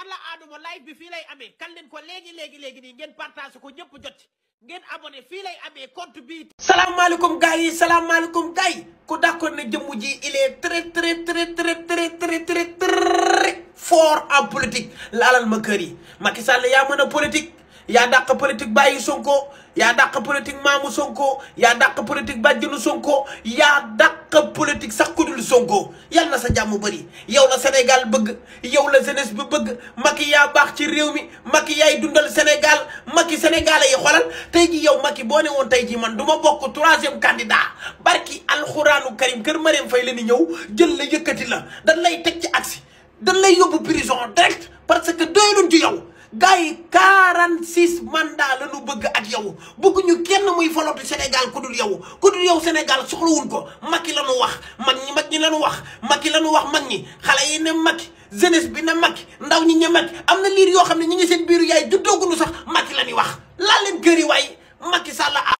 alla aaduma live bi fii lay amee kan leen ko léegi léegi léegi nii ngeen partage ko ñëpp jot ngeen abonné fii lay amee compte bi. salaamaaleykum gars yi salaamaaleykum gars yi ku d'accord ne jëmm ji il est très très très très très très très très fort en politique laalal ma kër yi Macky Sall yaa mën a politique yaa dàq politique bàyyi Sonko yaa dàq politique maamu Sonko yaa dàq politique bàjjenu Sonko yaa dàq politique sax. Sonko yal na sa jàmm bëri yow la Sénégal bëgg yow la jeunesse bi bëgg Macky yaa baax ci réew mi Macky yaay dundal Sénégal Macky sénégalais yi xoolal tey jii yow Macky boo ne woon tey jii man du ma bokk troisième candidat barki alxuraanu Karim kër Mariam fay la ni ñëw jël la yëkkati la da lay teg ci aksi da lay yóbbu prison direct parce que doyluñ ci yow. gars yi 46 mandat la ñu bëgg ak yow bëgguñu kenn muy folotu Sénégal ku dul yow ku dul yow Sénégal soxlawul ko Macky la lañu wax Macky lañu wax mag ñi xale yi ne Macky jeunesse bi ne Macky ndaw ñi ne Macky am na liir yoo xam ne ñi ngi seen biiru yaay juddooguñu sax Macky la ñuy wax laa leen gëri waay Macky